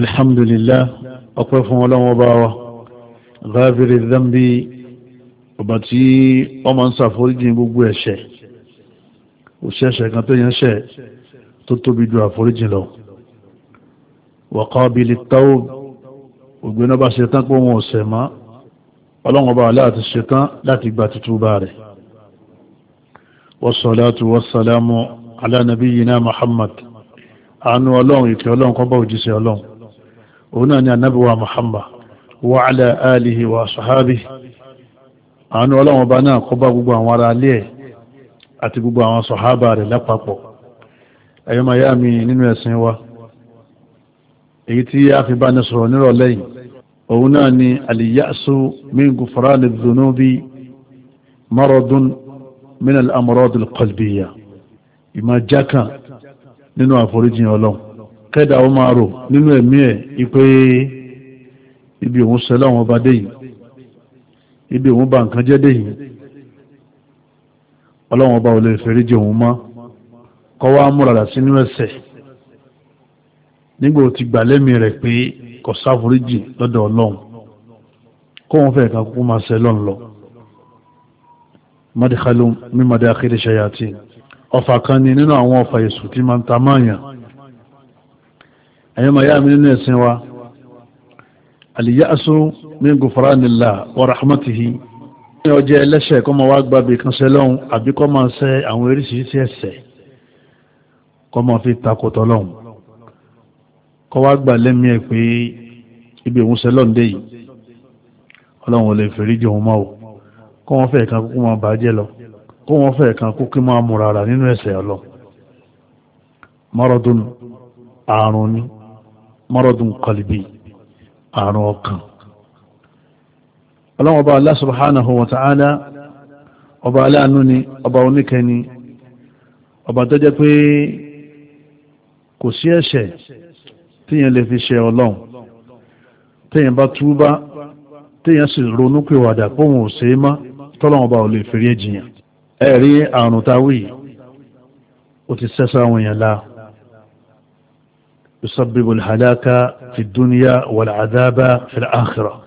alhamdulillah ọpẹ́ fún ọlọ́wọ́ bá wa ghafiri dhambi ọba tí ọmọ ń ṣàforíjì gbogbo ẹ̀ṣẹ̀ òṣìṣẹ́ kan tó yẹn ṣẹ̀ tó tóbi ju àforíjì lọ wa qabili tawb ògbéná bá ṣetán pé wọn ò ṣẹ̀ mọ́ ọlọ́wọ́ bá láti ṣetán láti gba títúbà rẹ̀ wassalatu wassalamu ala nabiyyina muhammad àánú ọlọ́run ìkẹ́ ọlọ́run kó bá òjíṣẹ́ òun náà ni ànábì wa Muhammad wa ala alihi wa sahabi àánú ọlọ́wọ́n bá náà kọ́ bá gbogbo àwọn ará alẹ́ ẹ̀ àti gbogbo àwọn sọ̀hábà rẹ̀ lápapọ̀ ẹ̀yọ́ máa yá mi nínú ẹ̀sìn wa èyí tí a fi bá ní sọ̀rọ̀ nírọ̀lẹ́ yìí òun náà ni àlìyáṣu min gufrani dhunubi maradun min al-amradil qalbiyya ìmọ̀ jákàn nínú àforíjìn ọlọ́run kẹ́dà ó máa rò nínú ẹ̀mí ẹ̀ ipé ibi òun sẹ́lá wọn bá dé yìí ibi òun bá nǹkan jẹ́ dé yìí ọlọ́wọ́n bá olè fèrè jẹ òun mọ́ kọ́ wá múrara sínú ẹ̀ṣẹ̀ nígbà tí gbà lẹ́mí rẹ̀ pé kò sáforíjì lọ́dọ̀ ọlọ́run kóun fẹ́ kan kúkú máa sẹ́ lọ́n lọ mọ́dékálù mímọ́dé akéde ṣayàtì ọ̀fà kan ni nínú àwọn ọ̀fà èṣù tí máa ń ta máàyàn ẹ̀yẹ́ ma yá mi nínú ẹ̀sìn wa àlìyáṣó ní gùfàránìlá wa rahmatihi ní ọjọ́ ẹlẹ́ṣẹ̀ kọ́ ma wá gbàgbé kan sẹ́lọ́hún àbí kọ́ ma ṣe àwọn oríṣiríṣi ẹ̀ṣẹ̀ kọ́ ma fi takòtọ́ lọ́hún kọ́ wá gbà lẹ́mí ẹ̀ pé ibi òun sẹ́lọ́hún dé yìí ọlọ́run ò lè fèrè jẹ òun máa kọ́ wọ́n fẹ́ kan kúkú máa bàjẹ́ lọ kọ́ wọ́n fẹ́ kan kúkú máa múra rà nínú ẹ̀ṣẹ̀ ọlọ́ mọ́rọ́dún àrùn ni maradun qalbi àrùn ọkàn ọlọ́wọ́ ọba Allah subhanahu wa ta'ala ọba aláàánú ni ọba oníkẹni ọba tó jẹ́ pé kò sí ẹ̀ṣẹ̀ tíyẹn lè fi ṣe ọlọ́run tíyẹn bá túbá tíyẹn sì ronú póhùn ò má tọ́lọ́wọ́n ọba ò lè fèrè jiyàn ẹ̀rí àrùn táwí ó ti sẹ́sà èèyàn láà يسبب الهلاك في الدنيا والعذاب في الآخرة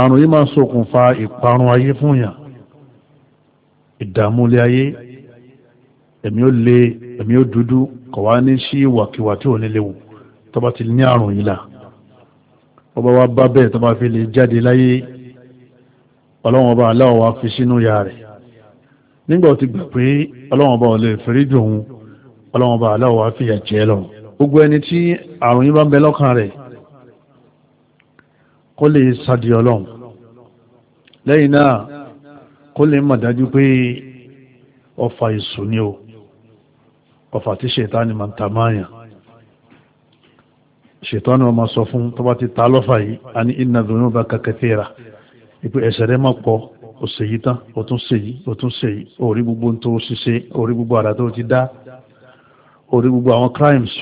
àrùn yìí máa ń ṣokùnfà ìparun ayé fún yàn ìdààmú ilé ayé ẹ̀mí ó le ẹ̀mí ó dúdú kò wá ní sí ìwàkiwà tí ò ní léwu tó bá ti ní àrùn yìí là ọba wa bá bẹ́ẹ̀ tó bá fi lè jáde láyé ọlọ́wọ́n ọba aláwọ̀ wa fi sínú ya rẹ̀ nígbà ó ti gbà pé ọlọ́wọ́n ọba ò lè fẹ́rí dùn ọlọ́wọ́n ọba aláwọ̀ wa fìyà jẹ lọ́wọ́ gbogbo ẹni tí àrùn yìí bá ń bẹ lọ́kàn rẹ̀ kó lè sàdì ọlọ́run lẹ́yìn náà kó lè mọ̀ dájú pé ọfà èṣù ni o ọfà tí ṣètánì máa ń ta máyà ṣètánì máa sọ fún tó ti ta lọ́fà yìí a ní inna dhunubaka kathira ìpè ẹ̀ṣẹ̀ rẹ̀ máa pọ̀ ó yìí tán ó tún ṣe yìí ó tún ṣe yìí orí gbogbo tó ṣiṣẹ́ orí gbogbo àrà tó ti dá orí gbogbo àwọn crimes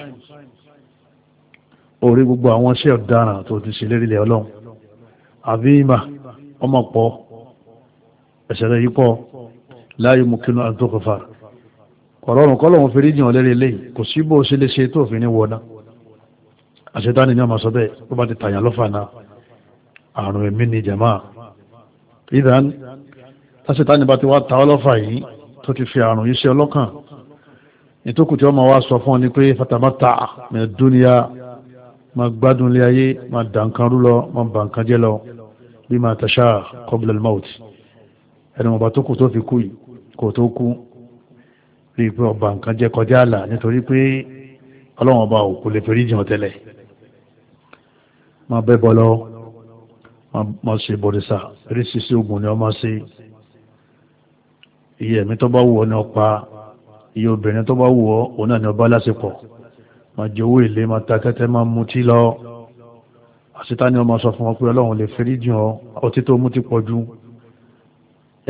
orí gbogbo àwọn iṣẹ́ ọ̀daràn tó ti ṣe lérílẹ̀ ọlọ́run àbí ìmà ọmọ pọ̀ ẹ̀ṣẹ̀rẹ̀ yípo láyé mú kínú àtòkòfà kọ̀rọ̀rùn kọ́lọ̀run fi rí jìnà lérí ilé kò sí bó ṣe lè ṣe tó fi ní wọná àṣetáni ní ọmọ sọ bẹ́ẹ̀ ó bá ti tàyàn lọ́fà náà àrùn ẹ̀mí ni jẹ̀má ìdán tàṣetáni bá ti wá ta ọlọ́fà yìí tó ti fi àrùn yìí ṣe ọlọ́kàn ìtókù ọmọ wa sọ fún ọ ni pé fatamata mẹ́ẹ̀dúnìyà ma gbádùn lé ayé ma dànkan rú lọ ma bànkan jẹ́ lọ bí ma tàṣà kọbílẹ̀ mọ́t ẹni ọba tó kù tó fi kú yìí kò tó kú rí i pé ọba nǹkan jẹ́ kọjá àlà nítorí pé ọlọ́run ọba ò kò lè fẹ́rí jìn tẹ́lẹ̀ ma bẹ́ bọ́ lọ ma ṣe bọ̀dẹ̀sà eré ṣiṣẹ́ ogun ni ọ ma ṣe iye ẹ̀mí tó bá wù ọ ni ọ pa iye obìnrin tó bá wù ọ òun náà ni ọba láṣepọ̀ ma jowó èlé ma ta tẹ́tẹ́ ma mutí lọ àṣetá ni ọmọ sọ fún wọn pé ọlọ́run lè fẹ́rí jù ọ ọtí tó mú ti pọ̀ jù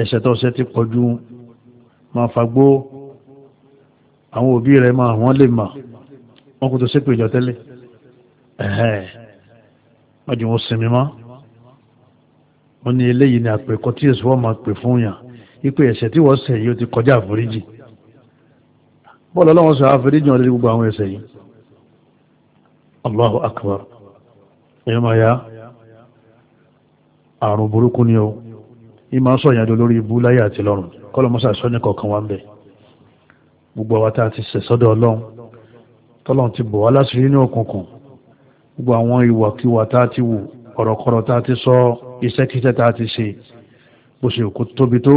ẹ̀ṣẹ̀ tó ṣẹ̀ ti pọ̀ jù ma fagbó àwọn òbí rẹ̀ ma wọ́n lè mà wọ́n kò tó sépè ìjọ tẹ́lẹ̀ ẹ̀hẹ́ wọ́n jù sinmi mọ́ wọ́n ní eléyìí ni àpèkọ́ tí èso wọ́n máa pè fún yàn ipe ẹ̀ṣẹ̀ tí wọ́n ṣẹ̀ yìí ó ti kọjá àforíjì bọ́ọ̀lù ọlọ́run sọ àforíjì wọn lórí gbogbo àwọn ẹ̀ṣẹ̀ yìí Allahu akbar èèyàn máa ya àrùn burúkú ni o ìmọ̀ sọ ìyàdó lórí ibú láyé àti lọ́run kọ́lọ́mọ́sà sọ ní kọ̀ọ̀kan wá ń bẹ̀ gbogbo àwa tá a ti sẹ̀sọ́dọ̀ ọlọ́run tọ́lọ́run ti bọ̀ wá láṣìírí ní òkùnkùn gbogbo àwọn ìwàkiwà tá a ti wù ọ̀rọ̀kọ̀rọ̀ tá a ti sọ iṣẹ́kíṣẹ́ tá a ti ṣe bó ṣe kó tóbi tó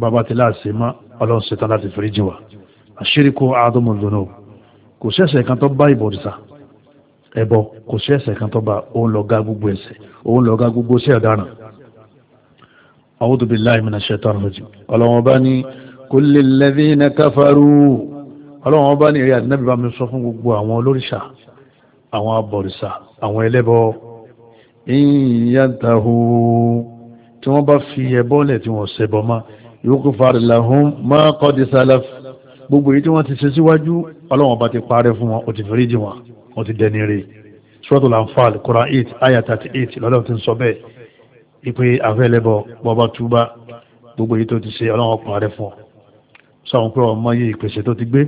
bàbá ti láàṣẹ mọ́ ọlọ́run ṣetán láti foríjì wá àṣírí kó àádọ́mọ̀ lónà kò sẹ́sẹ̀ kan tó bá ìbọ̀dìsà ẹbọ kò sí ẹ̀ṣẹ̀ kan tó bá òun lọ ga gbogbo ẹ̀ṣẹ̀ òun lọ ga gbogbo sí ọ̀daràn a'udhu billahi minash shaitani rajim ọlọ́wọ́n bá ní kullil ladhina kafaru ọlọ́wọ́n bá ní eré àdínábì bá mi sọ fún gbogbo àwọn olóríṣà àwọn abọ̀rìṣà àwọn ẹlẹ́bọ in tí wọ́n bá fi ẹbọ lẹ̀ tí wọ́n ṣẹbọ mọ́ yughfar lahum ma qad salaf gbogbo èyí tí wọ́n ti ṣe síwájú ọlọ́wọ́n ti parẹ́ fún wọn ò ti fẹ́rí jì wọn wọ́n ti dẹni rè Suratul Anfal Quran eight ayah thirty eight lọ́dọ̀ tí ń sọ bẹ́ẹ̀ ipe àfẹ́lẹ́bọ̀ bọ́ba túbá gbogbo èyí tó ti ṣe ọlọ́run ọkùnrin rẹ fún ọ sọ̀rọ̀ pé ọmọ yé ìpèsè tó ti gbé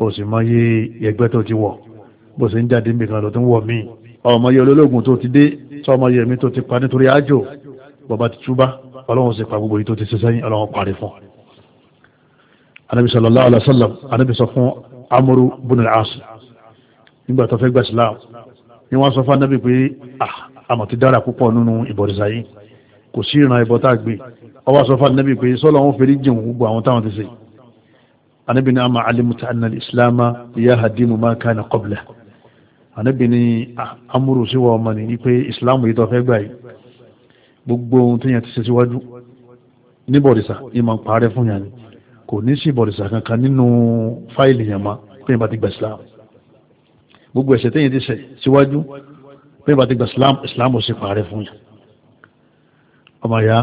o sì mọ yé ẹgbẹ́ tó ti wọ̀ bó ṣe ń jáde níbi kan ló ti ń wọ̀ míì ọmọ yé olólógùn tó ti dé sọmọ yé mi tó ti pa nítorí àjò bọ́ba ti túbá ọlọ́run sì pa gbogbo èyí tó ti ṣe sẹ́yìn ọlọ́run parí fún ọ. anabi sallallahu alaihi wasallam anabi sọ fún amuru bunul asu nígbà tó fẹ́ gbà síláàmù ni wọ́n sọ fún anábì pé ah, àmọ̀ ti dára púpọ̀ nínú ìbọ̀rìṣà yìí kò sí ìran ìbọn tá a gbé ọwọ́ sọ fún anábì pé sọ́lọ́ wọn fèrè jẹun gbogbo àwọn táwọn ti ṣe anábì ní àmà alimuta anna islámà ìyá hadimu máa ká ní kọ́bìlà anábì ní amúrù síwọ́ ọmọ ni wípé ìsìláàmù yìí tó fẹ́ gbà yìí gbogbo ohun tó yẹn ti ṣe síwájú ní bọ̀rìṣà ìmọ̀ ń parẹ́ fún yàn ni kò ní sí bọ̀rìṣà kankan nínú fáìlì yàn má pé gbogbo ẹ̀ṣẹ̀ tẹ́yìn ti ṣẹ̀ síwájú bẹ́ẹ̀ bá ti gba islam islam ò sì parẹ́ fún yẹn ọmọ ya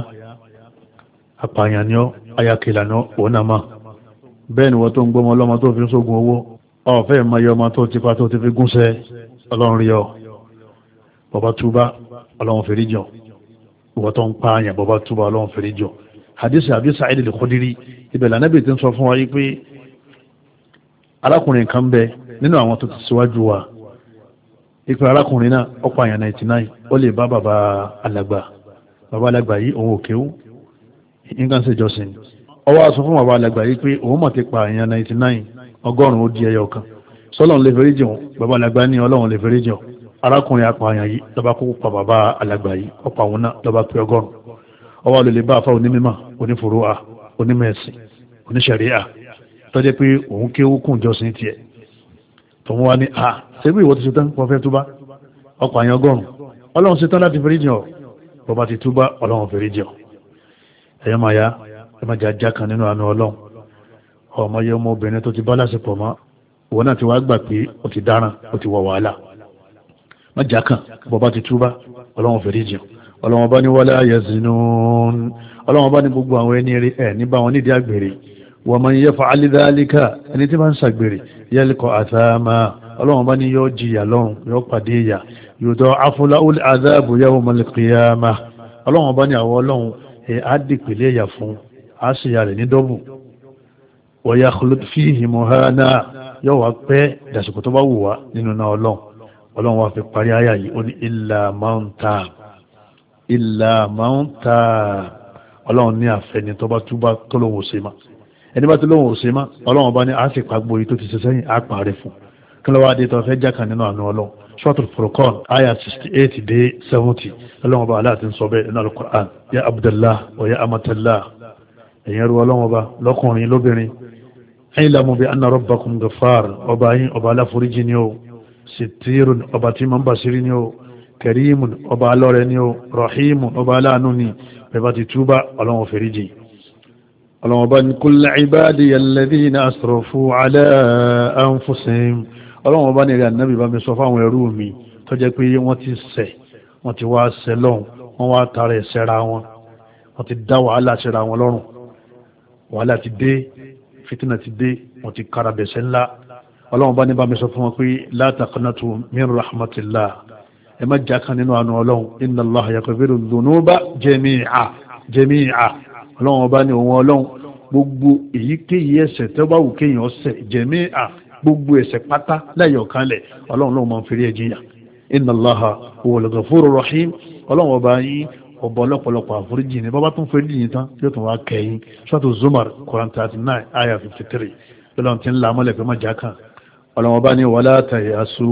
apààyàn ni ọ ayakìlà ni òun náà máa bẹ́ẹ̀ ni wọ́n tó ń gbọ́mọ ọlọ́mọ tó fi ń sógun owó ọ̀fẹ́ ìmọ̀ye ọmọ tó ti pa tó ti fi gúnṣẹ́ ọlọ́run rí ọ bàbá túbá ọlọ́run fèrè jọ ìwọ́ tó ń pààyàn bàbá túbá ọlọ́run fèrè jọ hadith Abi Sa'id al-Khudri ibẹ̀ lànà bìí ti ń sọ fún wa yí pé arákùnrin kan bẹ́ẹ̀ nínú àwọn tó ti síwájú wa ipe arákùnrin náà ọ̀pọ̀ àyàn 99 ó lè bá bàbá alàgbà bàbá alàgbà yìí òun òkèwú nǹkan ṣe jọsìn ọwọ́ aṣọ fún bàbá alàgbà yìí pé òun mọ̀ ti pa àyàn 99 ọgọ́rùn-ún ó di ẹyọ kan sọlọ́run lè fẹ́rẹ́ jẹun bàbá alàgbà ní ọlọ́run lè fẹ́rẹ́ jẹun arákùnrin apààyàn yìí lọ́ba kó pa bàbá alàgbà yìí ọ̀pọ̀ àwọn náà lọ́ba pé ọgọ́rùn ọwọ́ àlòlè bá afá onímọ̀ onífòrò a onímọ̀ ẹ̀sìn oníṣẹ̀ríà tọ́jẹ́ pé òun kéwú kùn jọsìn tiẹ̀ tòun wá ní a ah, ṣébí ìwọ ti ṣetán wọn fẹ́ túbá ọkọ̀ àyàn ọgọ́rùn ọlọ́run ṣetán láti fèrè jìn ọ bọba ti túbá ọlọ́run fèrè jìn ọ ẹ̀yọ́ máa ya ẹ má jẹ́ ajá kan nínú àánú ọlọ́run ọmọ yẹ ọmọbìnrin tó ti bá lásìkò mọ́ ìwọ náà ti wá gbà pé ó ti dáràn ó ti wọ wàhálà má jẹ́ kan bọba ti túbá ọlọ́run fèrè ọlọ́run bá ní wala yazinun ọlọ́run bá ní gbogbo àwọn ẹni rí wa man yaf'al dhalika ẹni tí wọ́n ń ṣàgbèrè yalqa athama ọlọ́run bá ní yóò jìyà lọ́run yóò pàdé ìyà yudha'afu lahul adhabu yawmal qiyamah ọlọ́run bá ní àwọ̀ ọlọ́run á dìpìlẹ̀ ìyà fún á sì yà rẹ̀ ní dọ́bù wa yakhlud fihi muhana yóò wá pẹ́ dàsìkò tó bá wù wá nínú náà ọlọ́run ọlọ́run wá fi parí àyà yìí ó ní illa man taab illa man taab ọlọ́run ní ẹni bá ti lóhun ò ṣe má ọlọ́run bá ní a sì pàgbò yìí tó ti ṣe sẹ́yìn á pa rẹ̀ fún kí ló wá dé tó fẹ́ jákàn nínú àánú ọlọ́run sọ́tò furqan aya sixty eight dé seventy ọlọ́run bá aláàtí ń sọ bẹ́ẹ̀ nínú alukur'an ya abdallah wa ya amatallah ẹ̀yìn ẹrú ọlọ́run bá lọ́kùnrin lóbìnrin ẹ̀yin lamu bi anna rabbakum gafar ọba yín ọba aláforíjì ni o sitirun ọba tí ma ń basiri ni o kẹrìmùn ọba alọ́rẹ ni o rahimun ọba aláàánú ni bẹ́ẹ̀ bá ti túbà ọlọ́run fèrèjì ọlọ́wọ́n bá ní kul ibadiya alladhina asrafu ala anfusihim ọlọ́wọ́n bá ní ìrìn ànábì bá mi sọ fáwọn ẹrú mi tó jẹ́ pé wọ́n ti ṣẹ̀ wọ́n ti wá ṣẹ̀ lọ́hùn wọ́n wá tara ẹ̀ṣẹ̀ra wọn wọ́n ti dá wàhálà ṣẹ̀ra wọn lọ́rùn wàhálà ti dé fitina ti dé wọ́n ti kára bẹ̀ṣẹ̀ ńlá ọlọ́wọ́n bá bá mi sọ fún wọn pé la taqnatu min ọlọ́run ọba ní òun ọlọ́run gbogbo èyíkéyìí ẹ̀ṣẹ̀ tó bá wù kéèyàn ṣẹ̀ jẹ̀mí à gbogbo ẹ̀ṣẹ̀ pátá lẹ́yọ̀kanlẹ̀ ọlọ́run ló máa ń fèrè ẹ̀jìyà inna Allaha huwal ghafurur rahim ọlọ́run ọba yín ọba ọlọ́pọ̀lọpọ̀ àforíjì ni bàbá tún fèrè yìí tán yóò tún wá kẹ́yìn sọ́tò Zumar Quran thirty nine ayah fifty three lọ́lọ́run ti ń la amọ́lẹ̀ pé má jà ọlọ́run ọba ní wala tayasu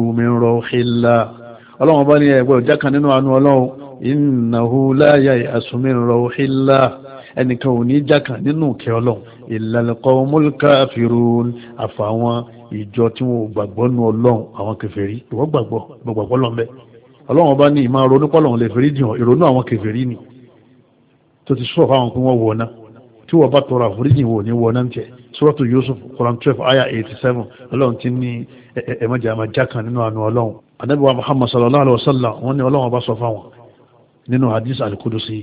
min ruhillah ẹnìkan ò ní jákàn nínú ìkẹ́ ọlọ́run illal qawmul kafirun àfàwọn ìjọ tí wọn ò gbàgbọ́ nu ọlọ́run àwọn kèfèrí ìwọ gbàgbọ́ ìwọ gbàgbọ́ lọ́n bẹ́ẹ̀ ọlọ́run ọba ní ìmọ̀ ronú pọ́lọ́run lè fèrè dìhàn ìrònú àwọn kèfèrí ni tó ti sọ̀rọ̀ fáwọn pé wọ́n wọ̀ náà tí wọ́n bá tọrọ àforíjì wò ní wọ́n náà tiẹ̀ suratu Yusuf Quran twelve aya eighty seven ọlọ́run ti ní ẹ̀ẹ́mẹ́jẹ̀ àmà jákàn nínú sallam wọ́n ní ọlọ́run ọba sọ fáwọn hadith al-Qudusi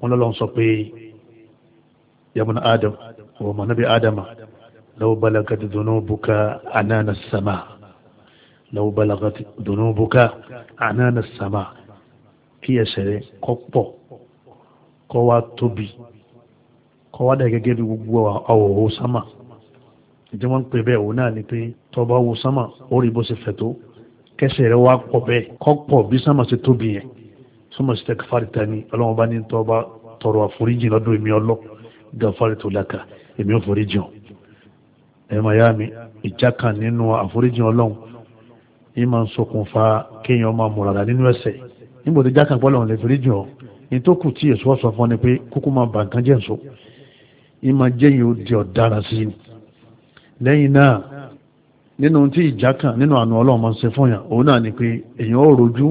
wọn lọ́lọ́ sọ pé yabuna adam wọ́n mọ̀ níbi adama lọ́wọ́ balagat dunubuka anana sama lọ́wọ́ balagat dunubuka anana sama kí ẹsẹ̀ rẹ kọ́ pọ̀ kọ́ wa tóbi kọ́ wa dà gẹ́gẹ́ bí gbogbo àwòrán sámà ìdí wọn ń pè bẹ́ẹ̀ òun náà ni pé tọba wo sámà ó rí bó ṣe fẹ̀ tó kẹsẹ̀ rẹ wá pọ̀ bẹ́ẹ̀ kọ́ bí sámà ṣe tóbi yẹn súnmọ́ sí tẹ́kafárì tani ọlọ́run bá ní tọ́ bá tọrọ àforíjì lọ́dún èmi ọlọ́ gafárì tó laka èmi ò foríjì hàn ẹ máa yá mi ìjà kan nínú àforíjì ọlọ́run yìí máa ń ṣokùnfà kéèyàn máa múrara nínú ẹ̀ṣẹ̀ níbo tí jákàn pọ́ lọ́run lè foríjì hàn ní tó kù tí èso ọ̀sán fún ni pé kúkú máa bà nǹkan jẹ́ ǹso yìí máa jẹ́ yìí ó ni lẹ́yìn náà nínú tí ìjà kan nínú àánú ọlọ́run máa ń ṣe fún ni pé èèyàn ó rojú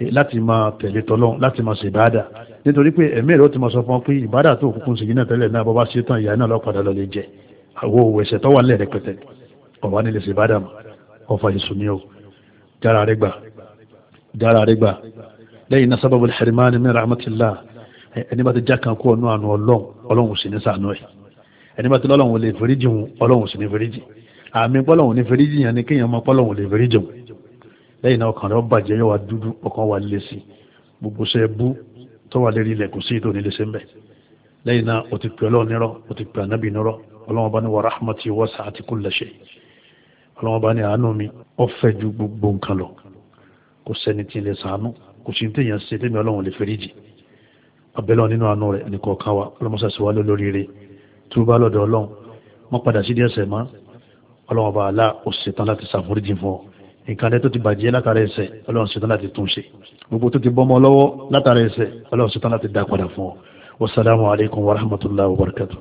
láti máa tẹ̀lé tọ́lọ́ láti máa ṣe ìbáadà nítorí pé ẹ̀mí ẹ̀rọ ti máa sọ fún ọ pé ìbáadà tó kúkú sí yìí náà tẹ́lẹ̀ náà bọ́bá ṣe tán ìyá náà lọ́padà lọ lè jẹ àwo ẹ̀ṣẹ̀ tọ́wà ńlẹ̀ rẹpẹtẹ ọ̀wá nílé ṣe ìbáadà mọ́ ọ̀fà yìí sùn ní o jára rẹ gbà jára rẹ gbà lẹ́yìn náà sábàbù al-hirmani min ẹni bá ti já kan kú ọ̀nà ọlọ́run ọlọ́run sì ní sànú ni kéèyàn mọ pọ́lọ́run lẹ́yìn náà ọkàn rẹ̀ ó bàjẹ́ yóò wá dúdú ọkàn wà lè sí gbogbo ṣe é bú tó wà lérí ilẹ̀ kò sí ìtò nílé sẹ́ńbẹ̀ lẹ́yìn náà o ti pè ọlọ́run nírọ́ o ti pè ànábì nírọ́ ọlọ́run bá ní wa rahmati wasa'at kulla shay ọlọ́run bá ní àánú mi ó fẹ̀ ju gbogbo nǹkan lọ kò sẹ́ni tí ń lè sàánú kò sí téèyàn ṣe tẹ́mi ọlọ́run lè fẹ́rí jì abẹ́lọ́ nínú àánú rẹ̀ ní kọ̀ọ̀kan wa ọlọ́mọṣàṣì wa nǹkan rẹ tó ti bàjẹ́ látara ẹsẹ̀ ọlọ́run ṣetán láti tún ṣe gbogbo tó ti bọ́mọ lọ́wọ́ látara ẹsẹ̀ ọlọ́run ṣetán láti dá padà fún ọ wasalaamu alaykum wa rahmatulahi wa barakatuh.